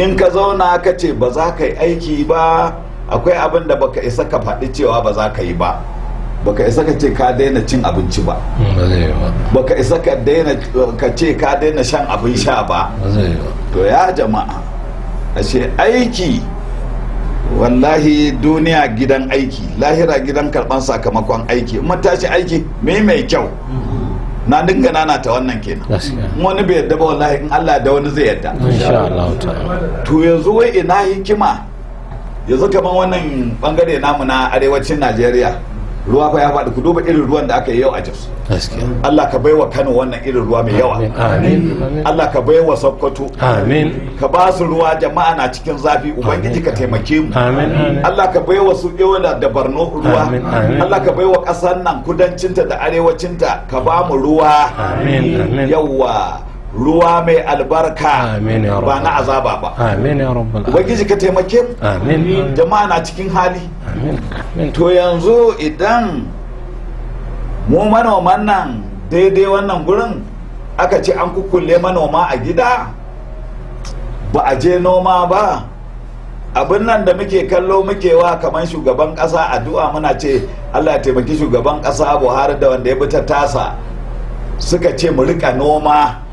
in ka zauna ka ce ba za ka yi aiki ba akwai abin da baka isa ka faɗi cewa ba za ka yi ba baka isa ka ce ka daina cin abinci ba baka isa ka daina ka ce ka daina shan abin sha ba to ya jama'a ashe aiki wallahi duniya gidan aiki lahira gidan karban sakamakon aiki matashi aiki mai mai kyau hmm. na dinga nana ta wannan kenan wani bai yadda ba wallahi in Allah da wani zai yadda to yanzu wai ina hikima yanzu kamar wannan bangare namu na arewacin Najeriya ruwa fa ya faɗi ku duba irin ruwan da aka yi yau a Jos Allah ka baiwa Kano wannan irin ruwa mai yawa Allah ka baiwa Sokoto amin ka ba su ruwa jama'a na cikin zafi ubangiji ka taimake mu Allah ka baiwa su da Barno ruwa Allah ka baiwa ƙasar nan kudancinta da arewacinta ka ba mu ruwa amin yawa ruwa mai albarka ba na azaba ba ubangiji ka taimake jama'a na cikin hali to yanzu idan mu manoman nan daidai wannan gurin aka ce an kukulle manoma a gida ba a je noma ba abin nan da muke kallo muke wa kamar shugaban kasa addu'a muna ce allah ya taimaki shugaban kasa buhari da wanda ya bi ta tasa suka ce mu rika noma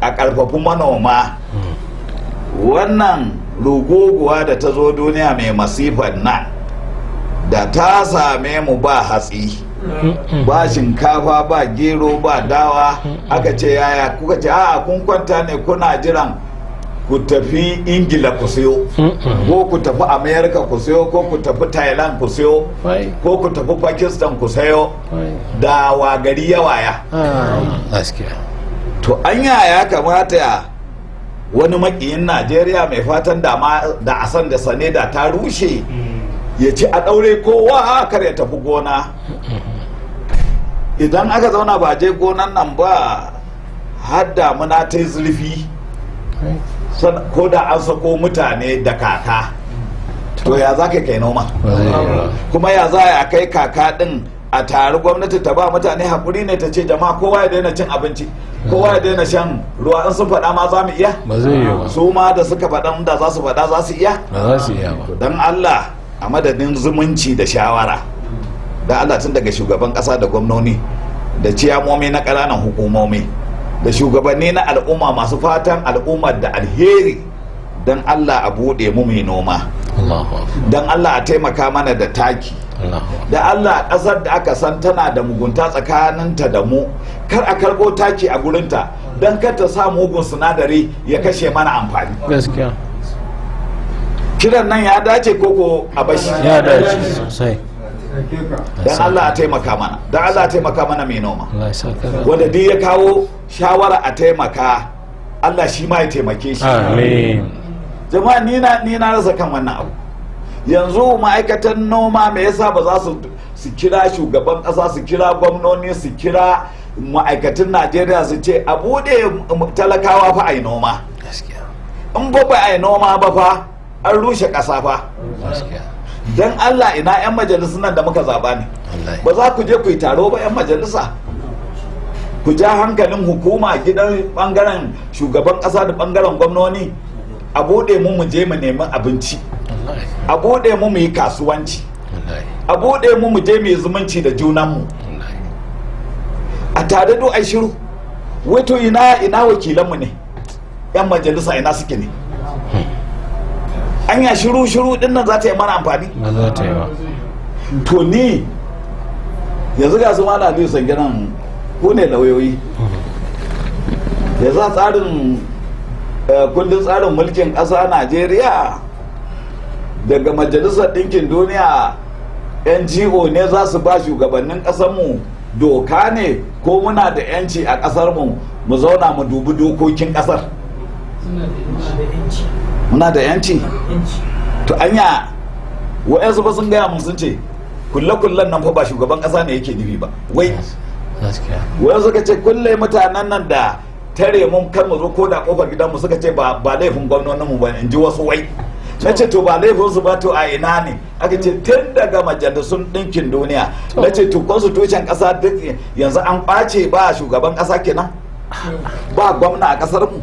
a ƙarfafi manoma wannan ruguguwa da ta zo duniya mai masifar nan da ta same mu ba hatsi ba shinkafa ba gero ba dawa aka ce yaya kuka ce a kun kwanta ne kuna jiran ku tafi ingila ku siyo ko ku tafi amerika ku siyo ko ku tafi thailand ku siyo ko ku tafi pakistan ku sayo da wagari yawaya ah. to anya ya kamata wani makiyin najeriya mai fatan da a san da sane da ta rushe ya ci a ɗaure kowa kar ya tafi gona idan aka zauna ba je gonan nan ba har damuna ta yi zurfi ko da an sako mutane da kaka to ya za ka kai noma kuma ya za ya kai kaka din? a tare gwamnati ta ba mutane haƙuri ne ta ce jama'a kowa ya daina cin abinci kowa ya daina shan ruwa in sun faɗa ma za mu iya su ma da suka faɗa da za su faɗa za su iya don Allah a madadin zumunci da shawara da Allah tun daga shugaban ƙasa da gwamnoni da ciyamomi na ƙananan hukumomi da shugabanni na al'umma masu fatan al'ummar da alheri don Allah a buɗe mu mai noma Dan allah a taimaka mana da taki da allah ƙasar da aka san tana da mugunta tsakaninta da mu kar a karɓo taki a gurinta don kar ta sa mugun sinadari ya kashe mana amfani kiran nan ya dace koko a bashi ya dace sosai dan Allah a taimaka mana dan Allah a taimaka mana mai noma wanda duk ya kawo shawara a taimaka Allah shi ma ya taimake shi amin jama'a ni na ni na rasa kan wannan abu yanzu ma'aikatan noma me yasa ba za su su kira shugaban kasa su kira gwamnoni su kira ma'aikatan Najeriya su ce a bude talakawa fa ai noma in ba ba ai noma ba fa an rushe kasa fa dan Allah ina yan majalisun nan da muka zaba ne ba za ku je ku yi taro ba yan majalisa ku ja hankalin hukuma gidan bangaren shugaban kasa da bangaren gwamnoni a bude mu mu je mu nemi abinci a bude mu mu yi kasuwanci a bude mu mu je mu yi zumunci da junanmu a tare da ai shiru wato ina ina wakilanmu ne yan majalisa ina suke ne anya shiru shiru din nan za ta yi mana amfani to ni yanzu ga su mana aliyu sangiran ko ne lauyoyi hmm. yanzu a tsarin Eh, kundin tsarin mulkin ƙasa najeriya daga majalisar ɗinkin duniya ngo ne za su ba shugabannin ƙasarmu doka ne ko muna da 'yanci a ƙasarmu mu zauna mu dubi dokokin ƙasar muna da 'yanci to anya wa'yansu ba sun gaya mun sun ce kulle-kullen nan fa ba shugaban ƙasa ne yake nufi ba wai wa'yansu ka ce kulle mutanen nan da tare mun kan mu zo ko da kofar gidan mu suka ce ba laifin gwamnonin mu ba in ji wasu wai na ce to ba laifin su ba to a ina ne aka ce tun daga majalisun ɗinkin duniya na ce to constitution ƙasa duk yanzu an ƙwace ba shugaban ƙasa kenan ba gwamna a ƙasar mu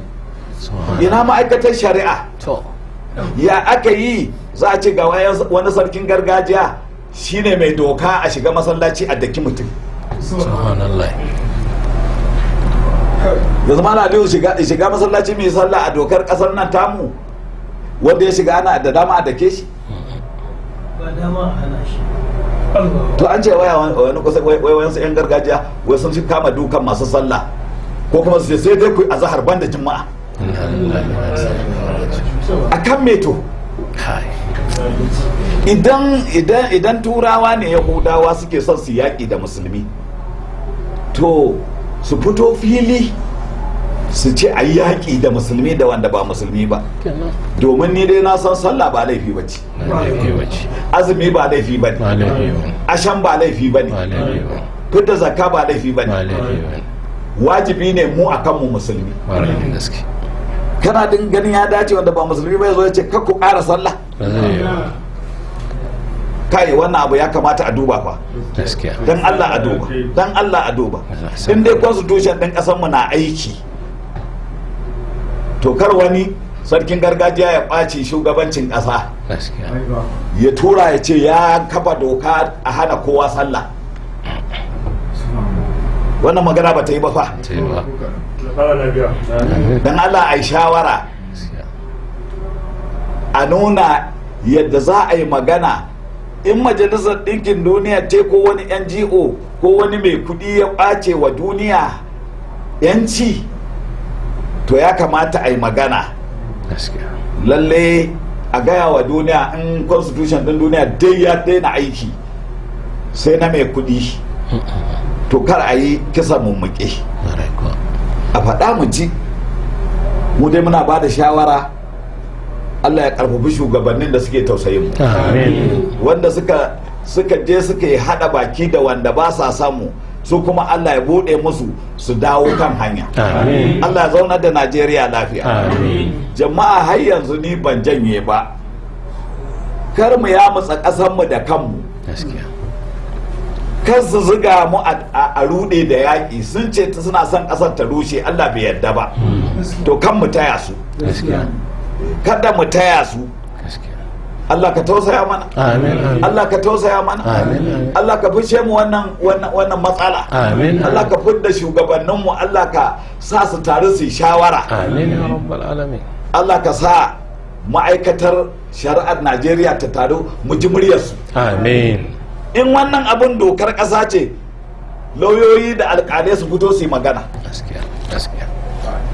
ina ma'aikatar shari'a ya aka yi za a ce ga wani sarkin gargajiya shine mai doka a shiga masallaci a daki mutum da zama na biyu shiga masallaci mai sallah a dokar kasar nan tamu wanda ya shiga ana da dama a ke shi ba dama shi to an ce waya wani kusa wayan su yan gargajiya wai sun kama dukan masu sallah ko kuma su sai dai ku azhar banda juma'a kan meto idan idan idan turawa ne yahudawa suke son su yaƙi da musulmi to su fito fili su ce a yaƙi da musulmi da wanda ba musulmi ba domin ni dai na san sallah ba laifi ba ce azumi ba laifi ba ne ashan ba laifi ba ne fita zakka ba laifi ba ne wajibi ne mu a kanmu musulmi kana din ganin ya dace wanda ba musulmi ba ya zo ya ce kakku ƙara sallah kai wannan abu ya kamata a duba fa dan Allah a duba dan Allah a duba in dai constitution din kasan mu na aiki to kar wani sarkin gargajiya ya ɓaci shugabancin ƙasa ya tura ya ce ya kafa doka a hana kowa sallah wannan magana ba ta yi ba fa don allah a yi shawara a nuna yadda za a yi magana in majalisar ɗinkin duniya ce ko wani ngo ko wani mai kudi ya ɓace wa duniya yanci to ya kamata a yi magana lalle a gaya wa duniya in constitution din duniya dai ya daina aiki sai na mai kudi to kar a yi kisa mummuke a faɗa mu ji mu dai muna ba da shawara allah ya karfafi shugabannin da suke tausayin mu wanda suka je suka yi hada baki da wanda ba sa samu su kuma Allah ya bude musu su dawo kan hanya Allah ya zauna da Najeriya lafiya jama'a har yanzu ni ban janye ba kar mu ya mutsa mu da kanmu kar su zuga mu a rude da yaƙi sun ce suna son ƙasar ta rushe Allah bai yarda ba hmm. to kan mu taya su kada mu taya su Allah ka tausaya mana Allah ka tausaya mana Allah ka fushe mu wannan wannan matsala Allah ka fudda shugabannin mu Allah ka sa su tare su shawara amin ya rabbal alamin Allah ka sa ma'aikatar shari'ar Najeriya ta taru mu ji muryar su amin in wannan abun dokar ƙasa ce lauyoyi da alƙalai su fito su yi magana gaskiya gaskiya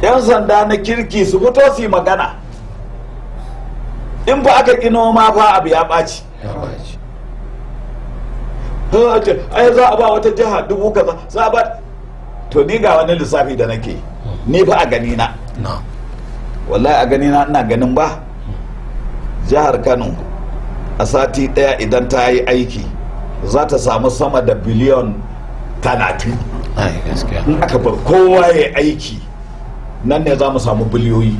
yan sanda na kirki su fito su yi magana in ba aka ƙi noma ba abu ya ɓaci ai za a ba wata jiha dubu kaza za a ba to ni ga wani lissafi da nake ni ba a gani na wallahi a gani na ina ganin ba jihar kano a sati ɗaya idan ta yi aiki za ta samu sama da biliyon talatin in aka bar kowa ya aiki nan ne za mu samu biliyoyi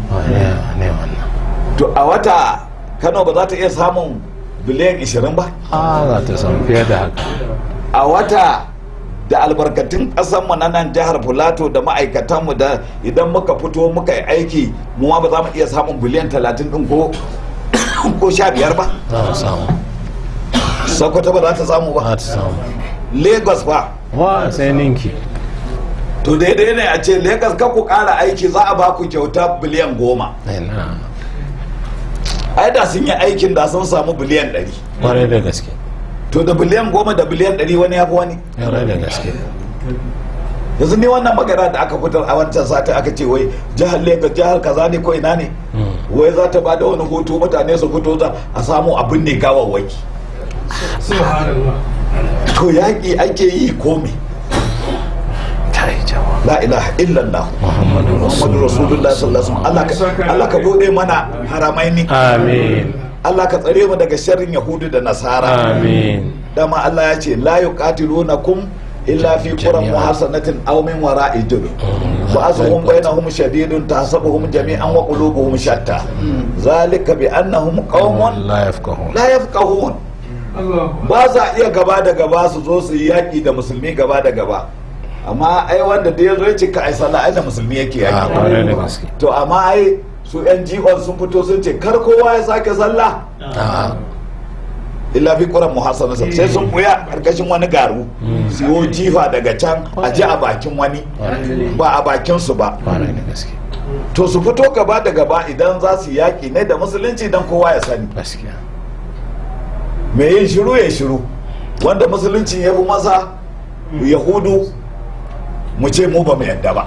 to a wata kano ba za ta iya samun biliyan 20 ba a za ta samu fiye da haka a wata da albarkatun ƙasarmu na nan jihar filato da ma'aikatanmu da idan muka fito muka yi aiki mu ma ba za mu iya samun biliyan 30 din ko ko sha biyar ba sokoto ba za ta samu ba lagos ba wa sai ninki to daidai ne a ce lagos ka ku kara aiki za a ba ku kyauta biliyan goma ai da sun yi aikin da sun samu biliyan 100 kwarai da gaske to da biliyan goma da biliyan 100 wani ya fi wani kwarai da gaske yanzu ne wannan magana da aka fitar a wancan sati aka ce wai jihar lagos jihar kaza ne ko ina ne hmm. wai za ta bada wani hoto mutane su fito a samu abin ne gawawwaki to yaƙi ake yi komi la ilaha illallah muhammadu rasulullah sallallahu alaihi wasallam Allah ka bude mana haramaini amin Allah ka tsare mu daga sharrin yahudu da nasara amin dama Allah ya ce la yuqatilunakum illa fi quran muhasanatin aw min wara'i jud fa azhum bainahum shadidun tahsabuhum jami'an wa qulubuhum shatta zalika bi annahum qaumun mm. la yafqahun la yafqahun ba za iya gaba da gaba su zo su yi yaƙi da musulmi gaba da gaba amma ai wanda da ya zo ya ce ka ai sallah ai da musulmi yake yaki ah, to amma ai su yan jiwon sun fito sun ce kar kowa ya sake sallah ah. illa fi ƙuran muhassana eh. sai sun buya karkashin wani garu hmm. Su yi jifa daga can a ji a bakin wani ba a bakin su ba to su fito gaba da gaba idan za su yaƙi ne da musulunci don kowa ya sani me yin shiru ya shiru wanda musulunci ya fi masa hmm. yahudu mu ce mu ba mu yadda ba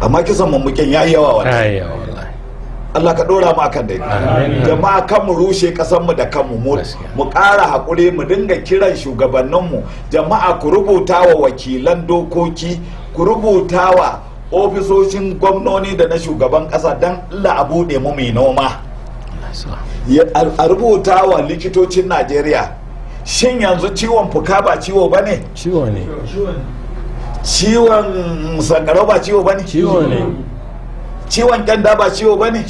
amma kisan mamukin ya yi yawa wani Allah ka dora mu akan dai jama'a kan mu rushe kasan mu da kanmu mu mu ƙara hakuri mu dinga kiran shugabannin mu jama'a ku rubuta wa wakilan dokoki ku rubuta wa ofisoshin gwamnoni da na shugaban ƙasa don Allah a bude mu mai noma a rubuta wa likitocin Najeriya shin yanzu ciwon fuka ba ciwo bane ciwo ne ciwon sankarau ba ciwo ba ne ciwon kyanda ba ciwo ba ne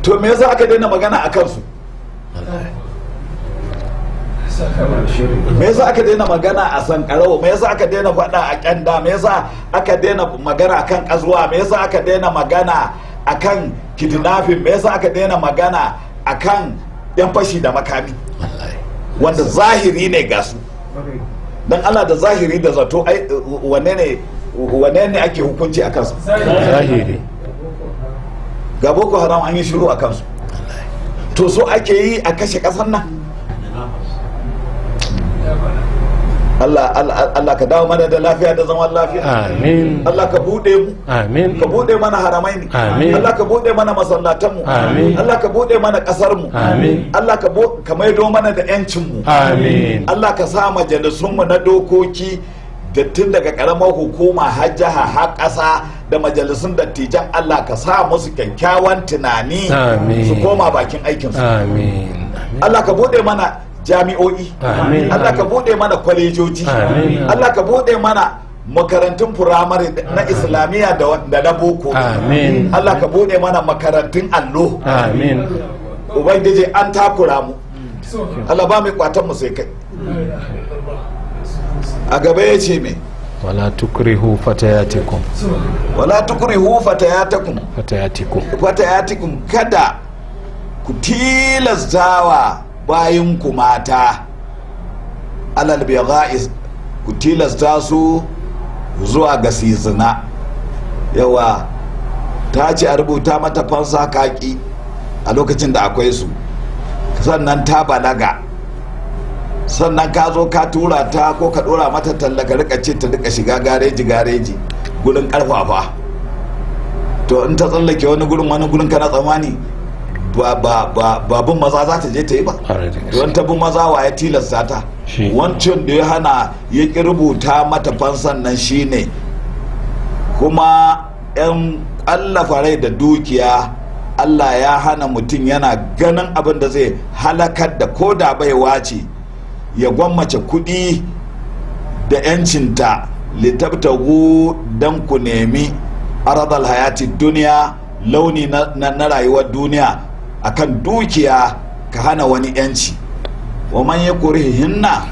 to me yasa aka daina magana a kansu me yasa aka daina magana a sankarau me yasa aka daina faɗa a kyanda me yasa aka daina magana a kan ƙazuwa me yasa aka daina magana a kan kidnafin me yasa aka daina magana a kan yan fashi da makami wanda zahiri ne ga su dan ana da zahiri da zato ai wanne ne ake hukunci akan su zahiri ga boko haram an yi shiru akan su to so ake yi a kashe kasan nan Allah Allah ka dawo mana da lafiya da zaman lafiya amin Allah ka bude mu amin ka bude mana haramaini amin Allah ka bude mana masallatan mu amin Allah ka bude mana kasar mu amin Allah ka ka maido mana da yancin mu amin Allah ka sa majalisun mu na dokoki da tun daga karamar hukuma har jiha har ƙasa da majalisun dattijan Allah ka sa musu kyakkyawan tunani Amin. su koma bakin aikinsu. Amin. Allah ka bude mana jami'o'i Allah ka bude mana kwalejoji Allah ka bude mana makarantun firamare na islamiyya da na boko Allah ka bude mana makarantun allo ubangiji an takura mu Allah ba mai kwatan mu sai kai a gaba ya ce mai wala tukrihu fatayatikum wala tukrihu fatayatikum fatayatikum fatayatikum kada ku tilastawa bayan ku mata alal bigha'is ku tilasta su zuwa ga sizina yawa ta ce a rubuta mata fansa kaki a lokacin da akwai su sannan ta balaga sannan ka zo ka tura ta ko ka dora mata talla ka rika ce ta rika shiga gareji gareji gurin karfafa to in ta tsallake wani gurin wani gurin kana tsammani ba bin maza za ta je ta yi ba don ta maza wa ya tilasta ta wancan da ya hana ya ki rubuta mata fansan nan shine kuma 'yan allafa rai da dukiya allah ya hana mutum yana ganin abin da zai halakar da ko da bai wace ya gwammace kuɗi da 'yancinta litabtagu don ku nemi aradal hayati duniya launi na rayuwar duniya akan dukiya ka hana wani yanci wa man ya kuri hinna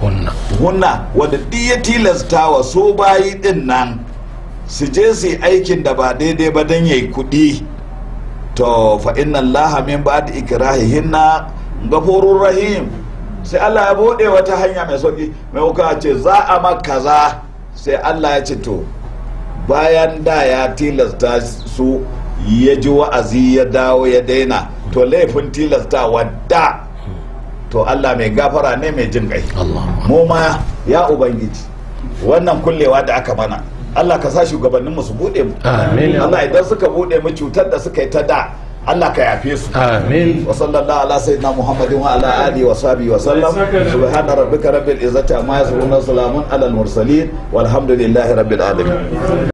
hunna wanda duk ya tilasta wa so bayi din nan su je su aikin da ba daidai ba don yayi kuɗi to fa inna allaha min ba'di ikrahihinna ghafurur rahim sai Allah ya bude wata hanya mai sauki mai wuka ce za a ma kaza sai Allah ya ce to bayan da ya tilasta su ya ji wa'azi ya dawo ya daina to laifin wa da to Allah mai gafara ne mai jin kai mu ma ya ubangiji wannan kullewa da aka mana Allah ka sa shugabanninmu su bude mu Allah idan suka bude mu cutar da suka yi ta da Allah ka yafe su amin wa sallallahu ala sayyidina muhammadin wa ala alihi wa sahbihi wa sallam subhana rabbika rabbil izzati amma yasifun salamun alal mursalin walhamdulillahi rabbil alamin